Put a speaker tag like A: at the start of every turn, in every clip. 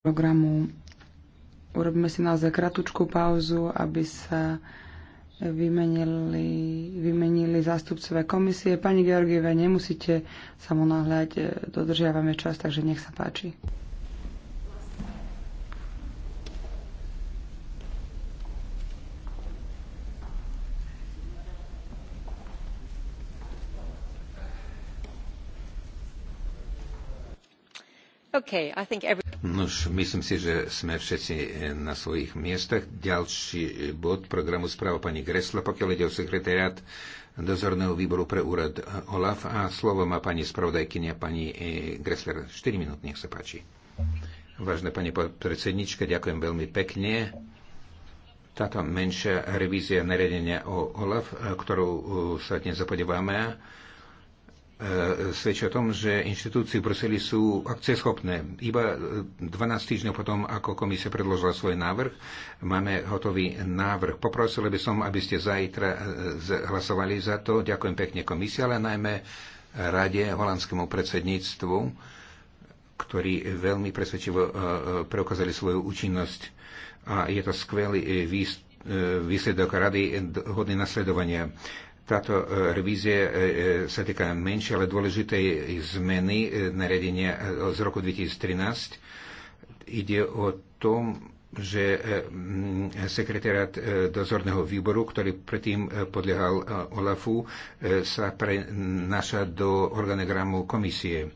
A: programu. Urobíme si naozaj kratučkú pauzu, aby sa vymenili, vymenili zástupcové komisie. Pani Georgieva, nemusíte sa mu nahľať, dodržiavame čas, takže nech sa páči.
B: Okay, I think every...
C: Nož, myslím si, že sme všetci na svojich miestach. Ďalší bod programu správa pani Gresla, pokiaľ ide o sekretariat dozorného výboru pre úrad OLAF a slovo má pani spravodajkynia pani e, Gressler. 4 minút, nech sa páči. Vážne pani predsednička, ďakujem veľmi pekne. Táto menšia revízia nariadenia o OLAF, e, ktorú e, sa dnes zapodívame, E, svedčia o tom, že inštitúcie v Bruseli sú akcieschopné. Iba 12 e, týždňov potom, ako komisia predložila svoj návrh, máme hotový návrh. Poprosil by som, aby ste zajtra e, hlasovali za to. Ďakujem pekne komisii, ale najmä rade, holandskému predsedníctvu, ktorí veľmi presvedčivo preukázali svoju účinnosť. A je to skvelý výstup výsledok rady hodný nasledovania. Táto e, revízia e, e, sa týka menšej, ale dôležitej zmeny nariadenia z roku 2013. Ide o tom, že sekretariat dozorného výboru, ktorý predtým podliehal OLAFu, sa prenáša do organogramu komisie.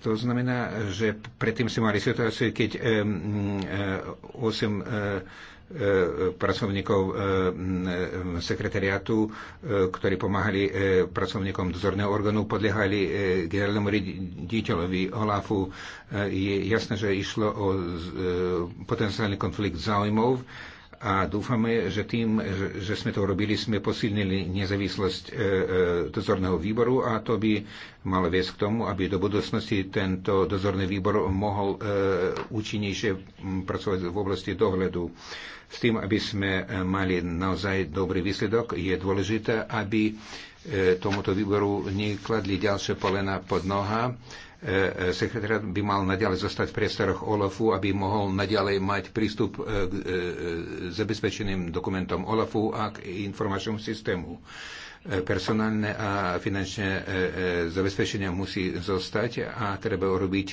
C: To znamená, že predtým si mali situáciu, keď 8 pracovníkov sekretariátu, ktorí pomáhali pracovníkom dozorného orgánu, podliehali generálnemu riaditeľovi Olafu. E, je jasné, že išlo o e, potenciálny konflikt záujmov a dúfame, že tým, že sme to robili, sme posilnili nezávislosť e, e, dozorného výboru a to by malo viesť k tomu, aby do budúcnosti tento dozorný výbor mohol e, účinnejšie pracovať v oblasti dohľadu. S tým, aby sme mali naozaj dobrý výsledok, je dôležité, aby tomuto výboru nekladli ďalšie polena pod noha E, e, sekretariat by mal naďalej zostať v priestoroch OLAFu, aby mohol naďalej mať prístup k e, zabezpečeným dokumentom OLAFu a k informačnému systému. Personálne a finančné zabezpečenie musí zostať a treba urobiť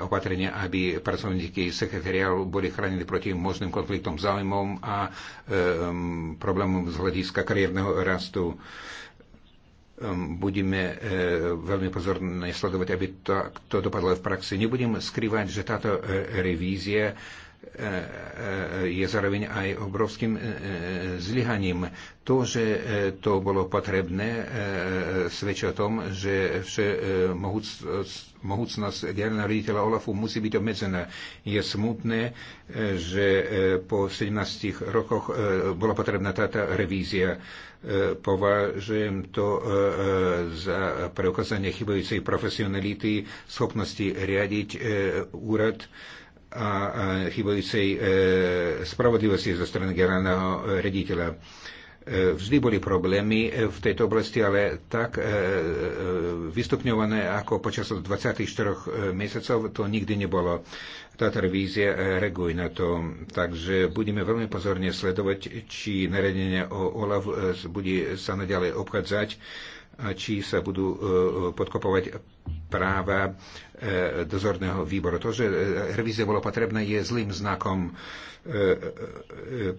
C: opatrenia, aby pracovníky sekretariálu boli chránení proti možným konfliktom záujmom a problémom z hľadiska kariérneho rastu. Ehm, budeme eh, veľmi pozorne sledovať, aby to, to dopadlo v praxi. Nebudem skrývať, že táto eh, revízia je zároveň aj obrovským e, e, zlyhaním. To, že e, to bolo potrebné, svedčí o tom, že vše mohúc, mohúcnosť generálneho riaditeľa Olafu musí byť obmedzená. Je smutné, že po 17 rokoch bola potrebná táto revízia. Považujem to za preukázanie chybajúcej profesionality, schopnosti riadiť úrad a chybajúcej spravodlivosti zo strany generálneho rediteľa. E, e, vždy boli problémy e, v tejto oblasti, ale tak vystupňované ako počas 24 mesiacov to nikdy nebolo. Táto revízia reaguje na to, takže budeme veľmi pozorne sledovať, či naredenie o OLAV bude sa naďalej obchádzať či sa budú e, podkopovať práva e, dozorného výboru. To, že e, revízia bola potrebná, je zlým znakom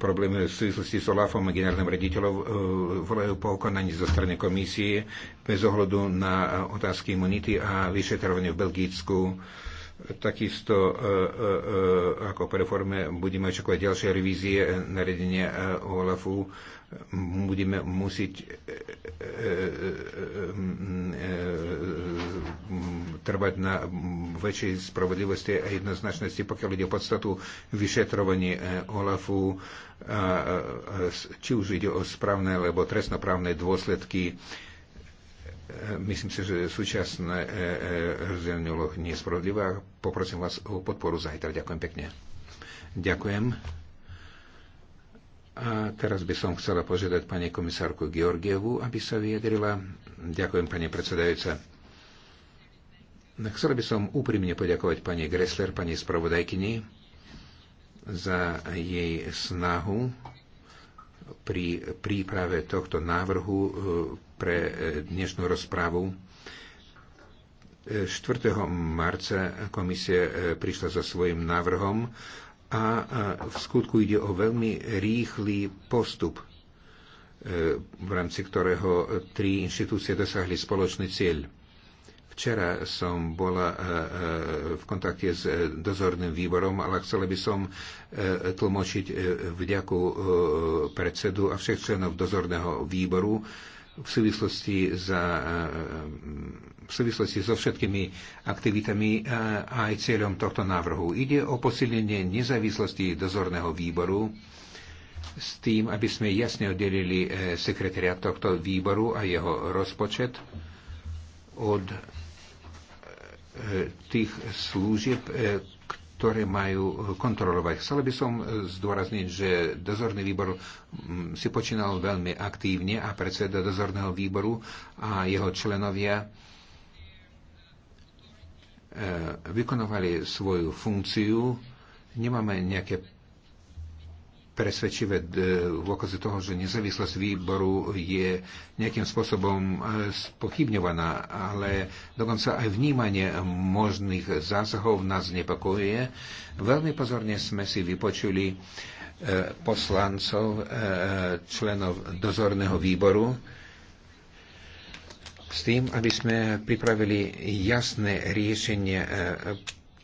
C: problémy v súvislosti s Olafom a generálnym rediteľom volajú po konaní zo strany komisie bez ohľadu na otázky imunity a vyšetrovanie v Belgicku Takisto e, e, e, ako po reforme budeme očakovať ďalšie revízie naredenia OLAFu. Budeme musieť trvať na väčšej spravodlivosti a jednoznačnosti, pokiaľ ide o podstatu vyšetrovanie OLAFu, či už ide o správne alebo trestnoprávne dôsledky Myslím si, že súčasné e, e, rozdielne úloh nie je spravodlivá. Poprosím vás o podporu zajtra. Ďakujem pekne. Ďakujem. A teraz by som chcela požiadať pani komisárku Georgievu, aby sa vyjadrila. Ďakujem, pani predsedajúca. Chcel by som úprimne poďakovať pani Gressler, pani spravodajkyni, za jej snahu pri príprave tohto návrhu e, pre e, dnešnú rozprávu. 4. E, marca komisia prišla so svojím návrhom a v skutku ide o veľmi rýchly postup, v rámci ktorého tri inštitúcie dosahli spoločný cieľ Včera som bola e, e, v kontakte s e, dozorným výborom, ale chcela by som tlmočiť vďaku predsedu a všech členov dozorného výboru v súvislosti, za, v súvislosti so všetkými aktivitami a aj cieľom tohto návrhu. Ide o posilnenie nezávislosti dozorného výboru s tým, aby sme jasne oddelili sekretariat tohto výboru a jeho rozpočet od E, tých služieb, e, ktoré majú kontrolovať. Chcel by som zdôrazniť, že dozorný výbor si počínal veľmi aktívne a predseda dozorného výboru a jeho členovia e, vykonovali svoju funkciu. Nemáme nejaké presvedčivé e, dôkazy toho, že nezávislosť výboru je nejakým spôsobom e, spochybňovaná, ale dokonca aj vnímanie možných zásahov nás nepokojuje. Veľmi pozorne sme si vypočuli e, poslancov, členov dozorného výboru, s tým, aby sme pripravili jasné riešenie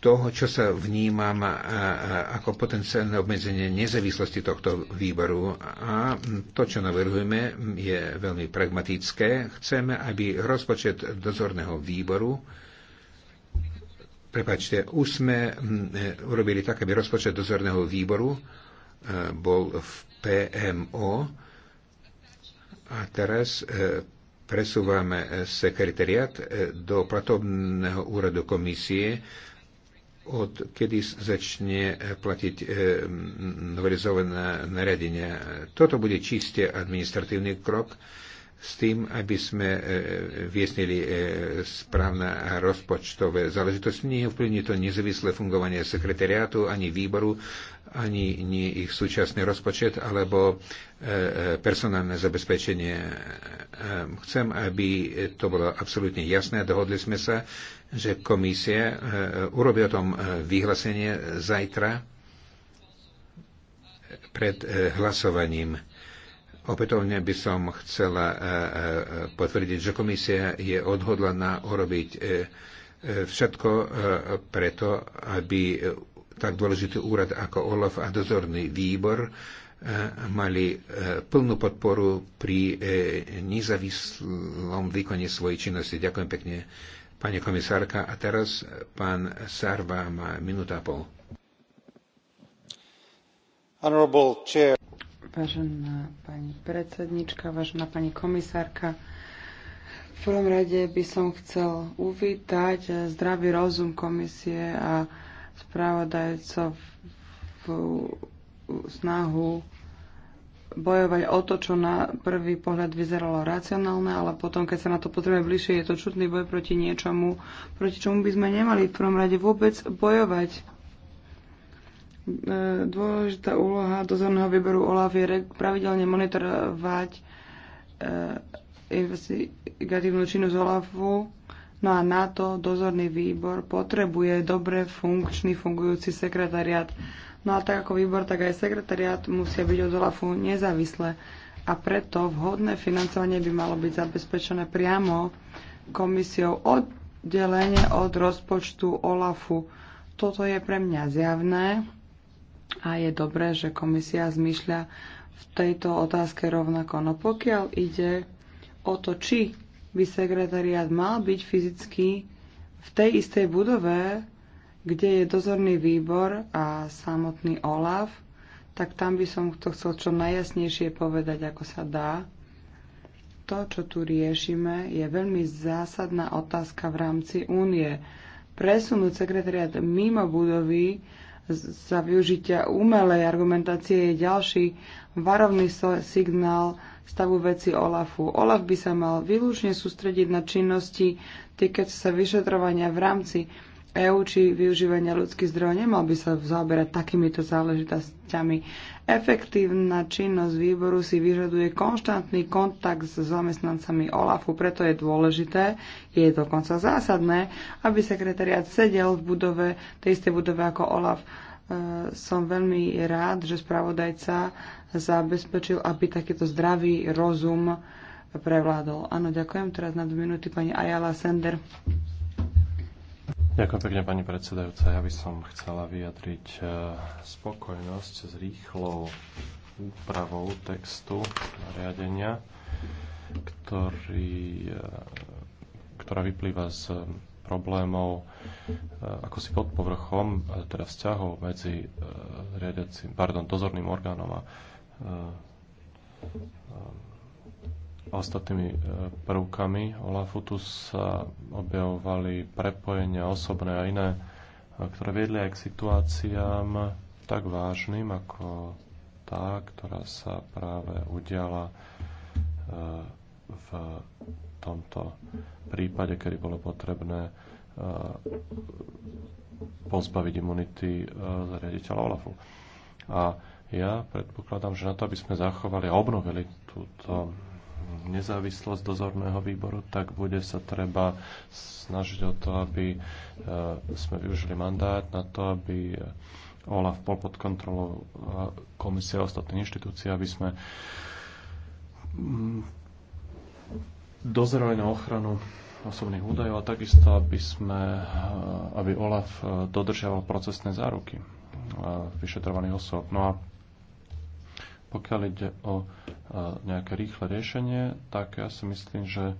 C: toho, čo sa vnímam ako potenciálne obmedzenie nezávislosti tohto výboru. A to, čo navrhujeme, je veľmi pragmatické. Chceme, aby rozpočet dozorného výboru Prepačte, už sme urobili tak, aby rozpočet dozorného výboru e, bol v PMO a teraz e, presúvame sekretariat e, do platobného úradu komisie, od kedy začne eh, platiť eh, novelizované nariadenie. Toto bude čiste administratívny krok, s tým, aby sme e, e, viesnili e, správne rozpočtové záležitosti. Neovplyvní to nezávislé fungovanie sekretariátu, ani výboru, ani nie ich súčasný rozpočet, alebo personálne zabezpečenie. Chcem, aby to bolo absolútne jasné. Dohodli sme sa, že komisia urobí o tom vyhlásenie zajtra pred hlasovaním Opätovne by som chcela e, e, e, potvrdiť, že komisia je odhodlaná urobiť všetko preto, aby tak dôležitý úrad ako OLAF a dozorný výbor mali plnú podporu pri nezávislom výkone svojej činnosti. Ďakujem pekne, pani komisárka. A teraz pán Sarva má minúta a pol.
A: Honorable chair. Vážená pani predsednička, vážená pani komisárka, v prvom rade by som chcel uvítať zdravý rozum komisie a spravodajcov v snahu bojovať o to, čo na prvý pohľad vyzeralo racionálne, ale potom, keď sa na to potrebuje bližšie, je to čudný boj proti niečomu, proti čomu by sme nemali v prvom rade vôbec bojovať E, dôležitá úloha dozorného výboru OLAF je pravidelne monitorovať e, investigatívnu činnosť OLAFu, no a na to dozorný výbor potrebuje dobre funkčný, fungujúci sekretariat. No a tak ako výbor, tak aj sekretariat musia byť od OLAFu nezávislé a preto vhodné financovanie by malo byť zabezpečené priamo komisiou oddelenie od rozpočtu OLAFu. Toto je pre mňa zjavné a je dobré, že komisia zmyšľa v tejto otázke rovnako. No pokiaľ ide o to, či by sekretariat mal byť fyzicky v tej istej budove, kde je dozorný výbor a samotný OLAF, tak tam by som to chcel čo najjasnejšie povedať, ako sa dá. To, čo tu riešime, je veľmi zásadná otázka v rámci únie. Presunúť sekretariat mimo budovy za využitia umelej argumentácie je ďalší varovný signál stavu veci OLAFu. OLAF by sa mal výlučne sústrediť na činnosti týkajúce sa vyšetrovania v rámci EÚ či využívania ľudských zdrojov nemal by sa zaoberať takýmito záležitosťami. Efektívna činnosť výboru si vyžaduje konštantný kontakt s zamestnancami OLAFu, preto je dôležité, je dokonca zásadné, aby sekretariat sedel v budove, tej istej budove ako OLAF. E, som veľmi rád, že spravodajca zabezpečil, aby takýto zdravý rozum prevládol. Áno, ďakujem. Teraz na dve minúty pani Ayala Sender.
B: Ďakujem pekne, pani predsedajúca. Ja by som chcela vyjadriť e, spokojnosť s rýchlou úpravou textu riadenia, ktorý, e, ktorá vyplýva z problémov e, ako si pod povrchom, teda vzťahov medzi riadiacim, pardon, dozorným orgánom a ostatnými e, prvkami OLAFu. Tu sa objavovali prepojenia osobné a iné, e, ktoré viedli aj k situáciám tak vážnym, ako tá, ktorá sa práve udiala e, v tomto prípade, kedy bolo potrebné pozbaviť imunity riaditeľa OLAFu. A ja predpokladám, že na to, aby sme zachovali a obnovili túto nezávislosť dozorného výboru, tak bude sa treba snažiť o to, aby e, sme využili mandát na to, aby OLAF bol pod kontrolou e, komisie a ostatných inštitúcií, aby sme mm, dozerali na ochranu osobných údajov a takisto, aby, sme, e, aby OLAF dodržiaval procesné záruky vyšetrovaných osôb. No a pokiaľ ide o e, nejaké rýchle riešenie, tak ja si myslím, že e,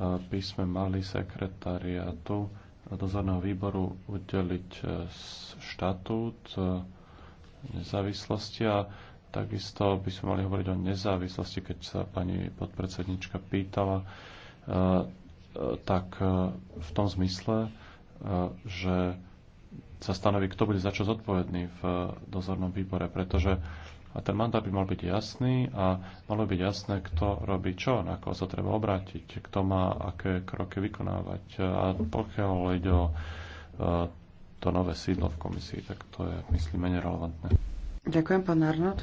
B: by sme mali sekretariatu dozorného výboru udeliť e, štatút nezávislosti a takisto by sme mali hovoriť o nezávislosti, keď sa pani podpredsednička pýtala, tak v tom zmysle, že sa stanoví, kto bude za čo zodpovedný v dozornom výbore, pretože a ten mandát by mal byť jasný a malo byť jasné, kto robí čo, na koho sa treba obrátiť, kto má aké kroky vykonávať. A pokiaľ ide o e, to nové sídlo v komisii, tak to je, myslím, menej relevantné.
A: Ďakujem, pán Arnold.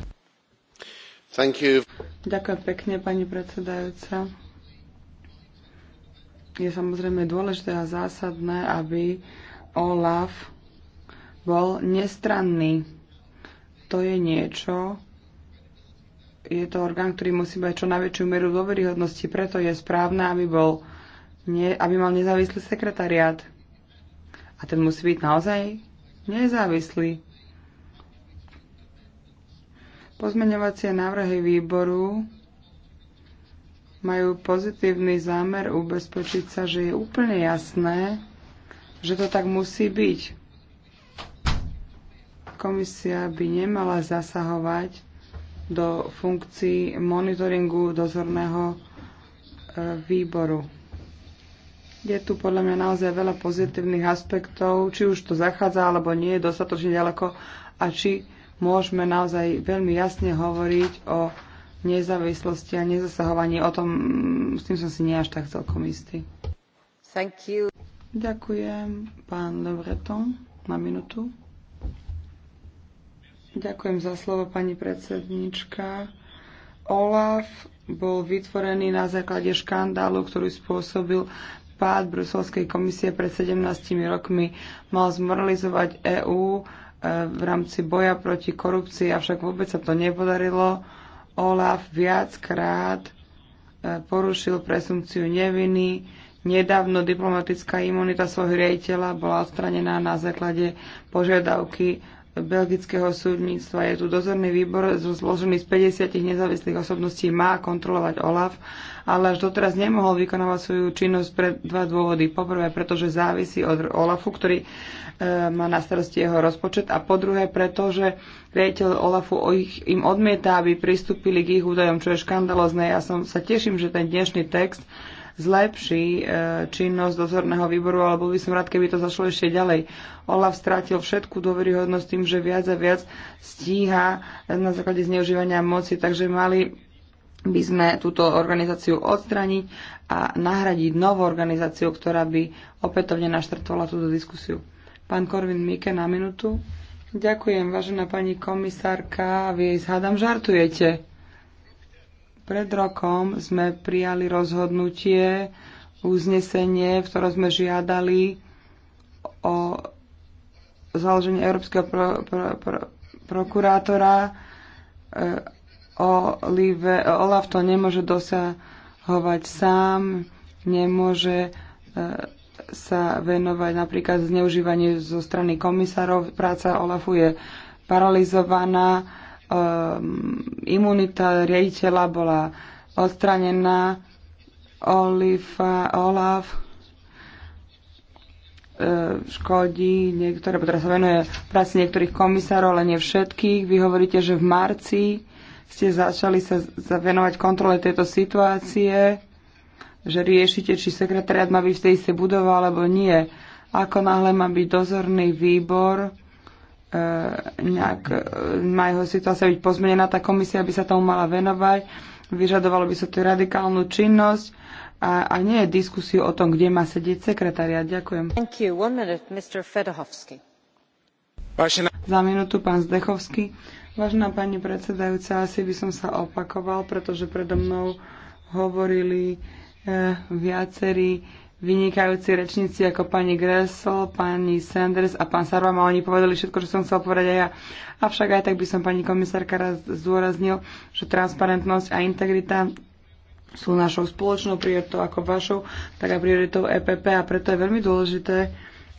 A: Thank you. Ďakujem pekne, pani predsedajúca. Je samozrejme dôležité a zásadné, aby OLAF bol nestranný to je niečo, je to orgán, ktorý musí mať čo najväčšiu mieru dôveryhodnosti, preto je správne, aby, bol, nie, aby mal nezávislý sekretariát. A ten musí byť naozaj nezávislý. Pozmeňovacie návrhy výboru majú pozitívny zámer ubezpečiť sa, že je úplne jasné, že to tak musí byť komisia by nemala zasahovať do funkcií monitoringu dozorného e, výboru. Je tu podľa mňa naozaj veľa pozitívnych aspektov, či už to zachádza alebo nie je dostatočne ďaleko a či môžeme naozaj veľmi jasne hovoriť o nezávislosti a nezasahovaní. O tom mm, s tým som si nie až tak celkom istý. Thank you. Ďakujem, pán Le na minútu. Ďakujem za slovo, pani predsednička. OLAF bol vytvorený na základe škandálu, ktorý spôsobil pád Bruselskej komisie pred 17 rokmi. Mal zmoralizovať EÚ e, v rámci boja proti korupcii, avšak vôbec sa to nepodarilo. OLAF viackrát e, porušil presumpciu neviny. Nedávno diplomatická imunita svojho riaditeľa bola odstranená na základe požiadavky belgického súdnictva. Je tu dozorný výbor zložený z 50 nezávislých osobností, má kontrolovať OLAF, ale až doteraz nemohol vykonávať svoju činnosť pre dva dôvody. Poprvé, pretože závisí od OLAFu, ktorý e, má na starosti jeho rozpočet a podruhé, pretože riaditeľ OLAFu o ich, im odmieta, aby pristúpili k ich údajom, čo je škandalozné. Ja som sa teším, že ten dnešný text zlepší e, činnosť dozorného výboru, alebo by som rád, keby to zašlo ešte ďalej. Olaf strátil všetku dôveryhodnosť tým, že viac a viac stíha na základe zneužívania moci, takže mali by sme túto organizáciu odstraniť a nahradiť novú organizáciu, ktorá by opätovne naštartovala túto diskusiu. Pán Korvin Mike na minútu. Ďakujem, vážená pani komisárka. Vy hádam žartujete. Pred rokom sme prijali rozhodnutie, uznesenie, v ktorom sme žiadali o založenie Európskeho pro, pro, pro, prokurátora. E, Olive, e, Olaf to nemôže dosahovať sám, nemôže e, sa venovať napríklad zneužívanie zo strany komisárov. Práca Olafu je paralizovaná um, imunita riaditeľa bola odstranená. Olifa, Olaf e, škodí niektoré, teda sa venuje práci niektorých komisárov, ale nie všetkých. Vy hovoríte, že v marci ste začali sa venovať kontrole tejto situácie, že riešite, či sekretariat má byť v tej istej budove alebo nie. Ako náhle má byť dozorný výbor, E, nejak, e, má jeho situácia byť pozmenená, tá komisia by sa tomu mala venovať, vyžadovalo by sa tu radikálnu činnosť a, a nie je diskusiu o tom, kde má sedieť sekretariat. Ďakujem. Thank you. One minute,
B: Mr. Fedohovsky.
A: Vážená... Za minútu pán Zdechovský. Vážená pani predsedajúca, asi by som sa opakoval, pretože predo mnou hovorili e, viacerí vynikajúci rečníci ako pani Gressel, pani Sanders a pán Sarvam, oni povedali všetko, čo som chcel povedať aj ja. Avšak aj tak by som pani komisárka raz zdôraznil, že transparentnosť a integrita sú našou spoločnou prioritou ako vašou, tak aj prioritou EPP a preto je veľmi dôležité,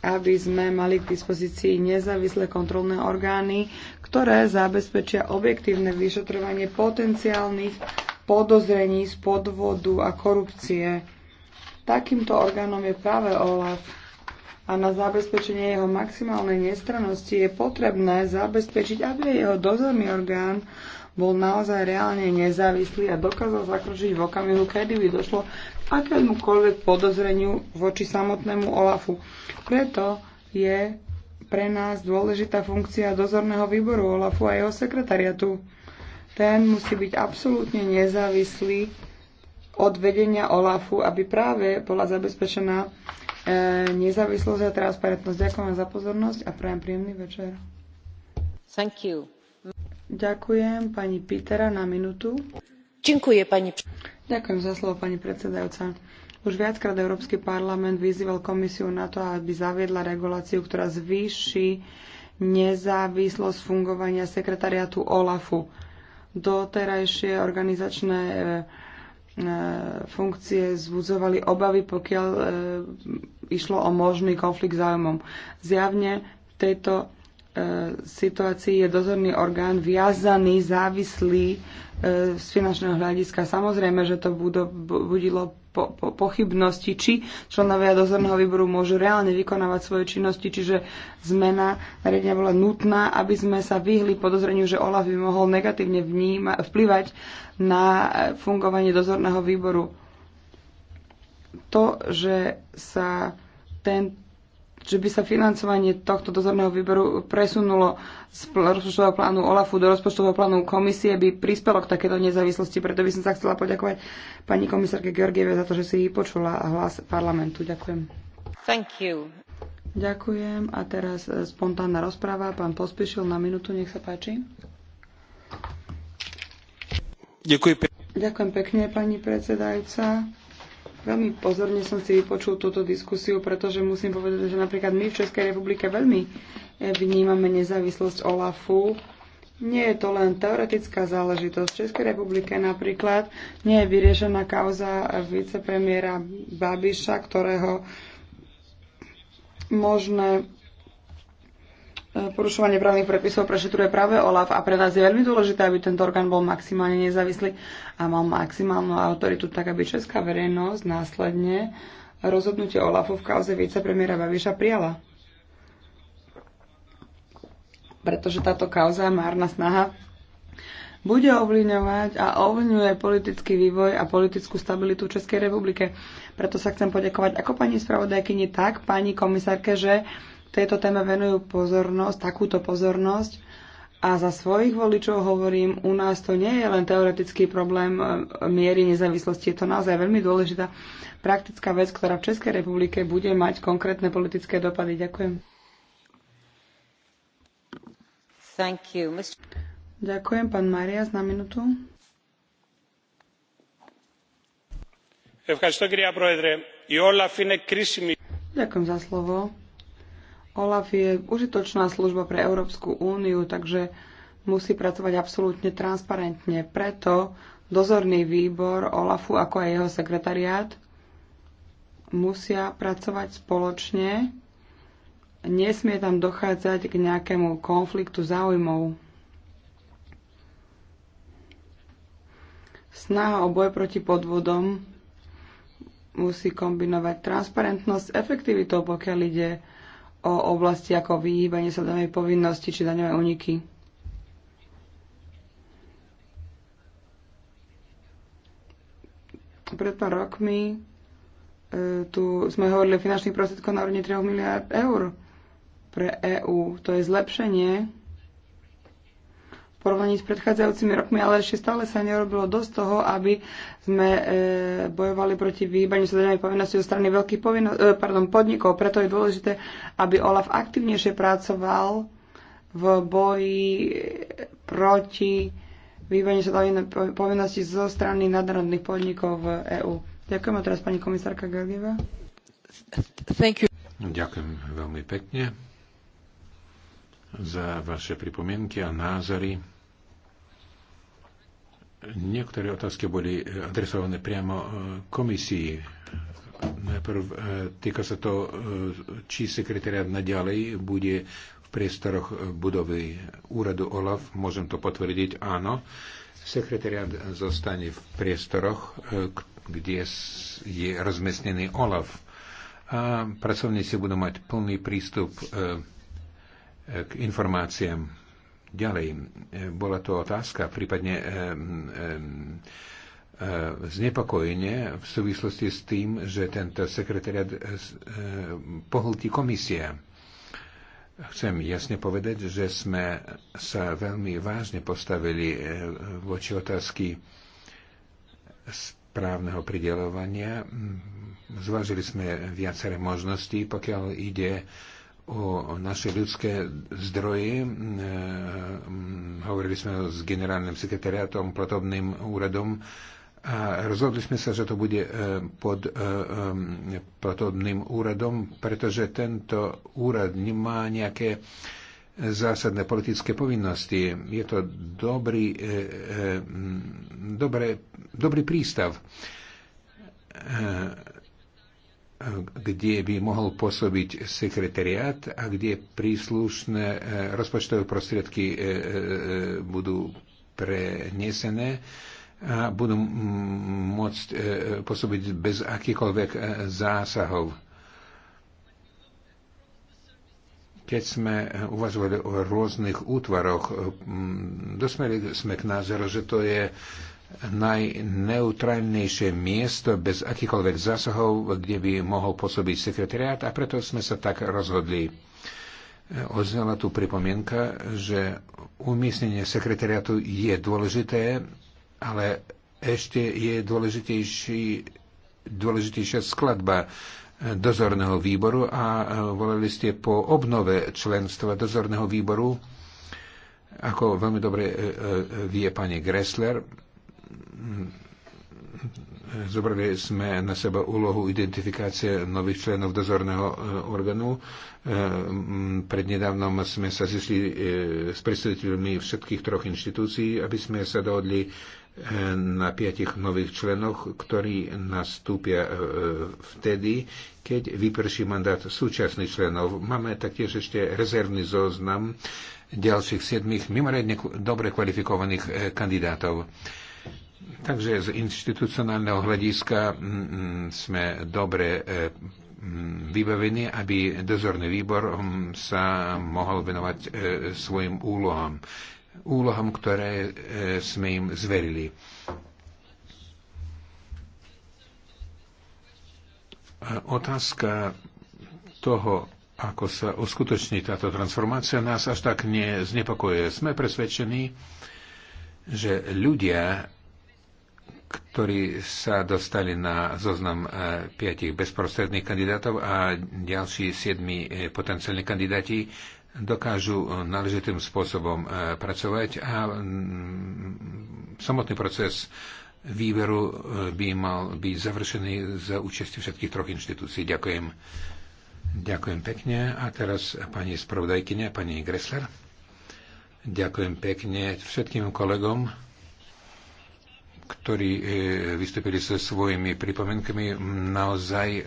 A: aby sme mali k dispozícii nezávislé kontrolné orgány, ktoré zabezpečia objektívne vyšetrovanie potenciálnych podozrení z podvodu a korupcie Takýmto orgánom je práve OLAF a na zabezpečenie jeho maximálnej nestrannosti je potrebné zabezpečiť, aby jeho dozorný orgán bol naozaj reálne nezávislý a dokázal zakročiť v okamihu, kedy by došlo k akémukoľvek podozreniu voči samotnému OLAFu. Preto je pre nás dôležitá funkcia dozorného výboru OLAFu a jeho sekretariatu. Ten musí byť absolútne nezávislý od vedenia OLAFu, aby práve bola zabezpečená e, nezávislosť a transparentnosť. Ďakujem za pozornosť a prajem príjemný večer. Thank you. Ďakujem pani Pitera na minútu. Ďakujem pani. Ďakujem za slovo pani predsedajúca. Už viackrát Európsky parlament vyzýval komisiu na to, aby zaviedla reguláciu, ktorá zvýši nezávislosť fungovania sekretariátu OLAFu. Doterajšie organizačné e, E, funkcie zvúzovali obavy, pokiaľ e, išlo o možný konflikt záujmom. Zjavne v tejto situácii je dozorný orgán viazaný, závislý e, z finančného hľadiska. Samozrejme, že to budilo po, po, pochybnosti, či členovia dozorného výboru môžu reálne vykonávať svoje činnosti, čiže zmena nariadenia bola nutná, aby sme sa vyhli podozreniu, že OLAF by mohol negatívne vníma, vplyvať na e, fungovanie dozorného výboru. To, že sa ten že by sa financovanie tohto dozorného výberu presunulo z rozpočtového plánu OLAFu do rozpočtového plánu komisie, by prispelo k takéto nezávislosti. Preto by som sa chcela poďakovať pani komisárke Georgieve za to, že si vypočula hlas parlamentu. Ďakujem. Thank you. Ďakujem. A teraz e, spontánna rozpráva. Pán Pospíšil na minútu, nech sa páči.
C: Ďakujem
A: pekne, pani predsedajúca. Veľmi pozorne som si vypočul túto diskusiu, pretože musím povedať, že napríklad my v Českej republike veľmi eh, vnímame nezávislosť OLAFu. Nie je to len teoretická záležitosť. V Českej republike napríklad nie je vyriešená kauza vicepremiera Babiša, ktorého možné Porušovanie právnych predpisov prešetruje práve OLAF a pre nás je veľmi dôležité, aby tento orgán bol maximálne nezávislý a mal maximálnu autoritu, tak aby česká verejnosť následne rozhodnutie OLAFu v kauze vicepremiera Babiša prijala. Pretože táto kauza, márna snaha, bude ovlíňovať a ovlíňuje politický vývoj a politickú stabilitu v Českej republike. Preto sa chcem poďakovať ako pani spravodajkyni, tak pani komisárke, že tejto téme venujú pozornosť, takúto pozornosť. A za svojich voličov hovorím, u nás to nie je len teoretický problém e, miery nezávislosti, je to naozaj veľmi dôležitá praktická vec, ktorá v Českej republike bude mať konkrétne politické dopady. Ďakujem. Thank you. Mr. Ďakujem, pán Marias, na minútu. Ďakujem za slovo OLAF je užitočná služba pre Európsku úniu, takže musí pracovať absolútne transparentne. Preto dozorný výbor OLAFu, ako aj jeho sekretariát, musia pracovať spoločne. Nesmie tam dochádzať k nejakému konfliktu záujmov. Snaha o boj proti podvodom musí kombinovať transparentnosť s efektivitou, pokiaľ ide o oblasti ako vyhýbanie sa danej povinnosti či daňové uniky. Pred pár rokmi e, tu sme hovorili o finančných prostriedkoch na úrovni 3 miliard eur pre EÚ. To je zlepšenie porovnaní s predchádzajúcimi rokmi, ale ešte stále sa nerobilo dosť toho, aby sme e, bojovali proti vyhýbaniu sa daňovej povinnosti zo strany veľkých povinno, e, pardon, podnikov. Preto je dôležité, aby OLAF aktivnejšie pracoval v boji proti vyhýbaniu sa daňovej povinnosti zo strany nadnárodných podnikov v EÚ. Ďakujem a teraz pani komisárka Georgieva.
C: Ďakujem veľmi pekne za vaše pripomienky a názory. Niektoré otázky boli adresované priamo e, komisii. Najprv e, týka sa to, e, či sekretariat naďalej bude v priestoroch budovy úradu OLAF. Môžem to potvrdiť, áno. Sekretariat zostane v priestoroch, kde je rozmestnený OLAF. A pracovníci budú mať plný prístup k informáciám. Ďalej, e, bola to otázka, prípadne e, e, znepokojenie v súvislosti s tým, že tento sekretariat pohltí komisie. Chcem jasne povedať, že sme sa veľmi vážne postavili voči otázky správneho pridelovania. Zvážili sme viaceré možnosti, pokiaľ ide o naše ľudské zdroje. E, hovorili sme s generálnym sekretariátom, platobným úradom a rozhodli sme sa, že to bude e, pod e, platobným úradom, pretože tento úrad nemá nejaké zásadné politické povinnosti. Je to dobrý, dobré, dobrý prístav kde by mohol pôsobiť sekretariat, a kde príslušné e, rozpočtové prostriedky e, e, budú prenesené a budú môcť pôsobiť bez akýchkoľvek zásahov. Keď sme uvažovali o rôznych útvaroch, dosmerili sme k názoru, že to je najneutrálnejšie miesto bez akýchkoľvek zásahov, kde by mohol pôsobiť sekretariát a preto sme sa tak rozhodli. Oznala tu pripomienka, že umiestnenie sekretariátu je dôležité, ale ešte je dôležitejší, dôležitejšia skladba dozorného výboru a volali ste po obnove členstva dozorného výboru, ako veľmi dobre e, e, vie pani Gressler Zobrali sme na seba úlohu identifikácie nových členov dozorného e, orgánu. E, prednedávnom sme sa zišli e, s predstaviteľmi všetkých troch inštitúcií, aby sme sa dohodli na piatich nových členoch, ktorí nastúpia vtedy, keď vyprší mandát súčasných členov. Máme taktiež ešte rezervný zoznam ďalších siedmých mimoriadne dobre kvalifikovaných kandidátov. Takže z institucionálneho hľadiska mm, mm, sme dobre e, mm, vybavení, aby dozorný výbor sa mohol venovať e, svojim úlohám. Úlohám, ktoré e, sme im zverili. Otázka toho, ako sa uskutoční táto transformácia, nás až tak neznepokojuje. Sme presvedčení, že ľudia ktorí sa dostali na zoznam e, piatich bezprostredných kandidátov a ďalší siedmi e, potenciálni kandidáti dokážu e, náležitým spôsobom pracovať a samotný proces výberu by mal byť završený za účasti všetkých troch inštitúcií. Ďakujem. Ďakujem pekne. A teraz pani spravodajkynia, pani Gressler. Ďakujem pekne všetkým kolegom ktorí e, vystúpili so svojimi pripomienkami. Naozaj e,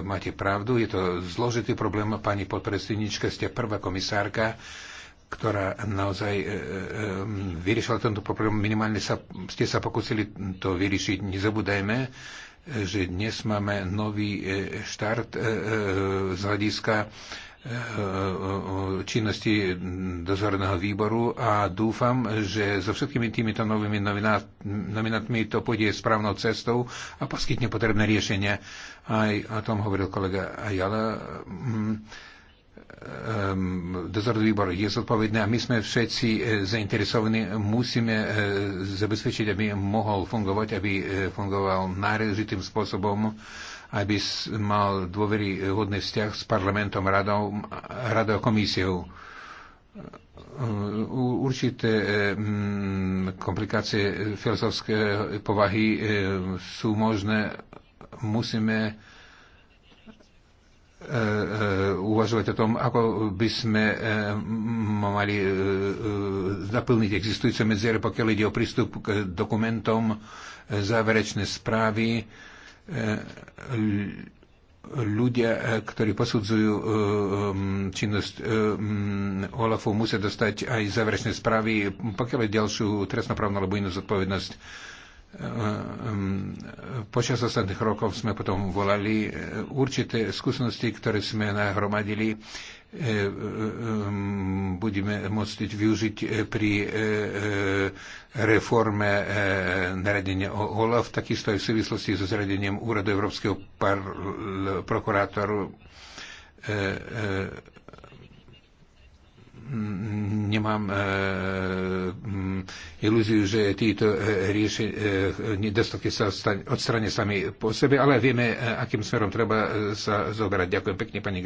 C: máte pravdu, je to zložitý problém. Pani podpredsednička, ste prvá komisárka, ktorá naozaj e, e, vyriešila tento problém. Minimálne sa, ste sa pokúsili to vyriešiť. Nezabúdajme, že dnes máme nový e, štart e, z hľadiska Eh, činnosti dozorného výboru a dúfam, že so všetkými týmito novými nominátmi to pôjde správnou cestou a poskytne potrebné riešenia. Aj o tom hovoril kolega Ajala. Mm, ehm, dozorný výbor je zodpovedný a my sme všetci eh, zainteresovaní. Musíme eh, zabezpečiť, aby mohol fungovať, aby fungoval náležitým spôsobom aby mal dôveryhodný eh, vzťah s parlamentom, radou, radou komisiou. Eh, určité eh, komplikácie filozofské povahy sú možné. Musíme uvažovať o tom, ako by sme mali zaplniť existujúce medzery, pokiaľ ide o prístup k dokumentom, záverečné správy, E, ľudia, e, ktorí posudzujú e, činnosť OLAFu, musia dostať aj záverečné správy, pokiaľ je ďalšiu trestnoprávnu alebo inú zodpovednosť. Počas ostatných rokov sme potom volali určité skúsenosti, ktoré sme nahromadili E, e, e, budeme môcť využiť pri reforme naradenia OLAF, takisto aj v súvislosti so zradením úradu Európskeho prokurátoru nemám e, ilúziu, že títo rieši, e, nedostatky sa odstrane sami po sebe, ale vieme, akým smerom treba sa zoberať. Ďakujem pekne, pani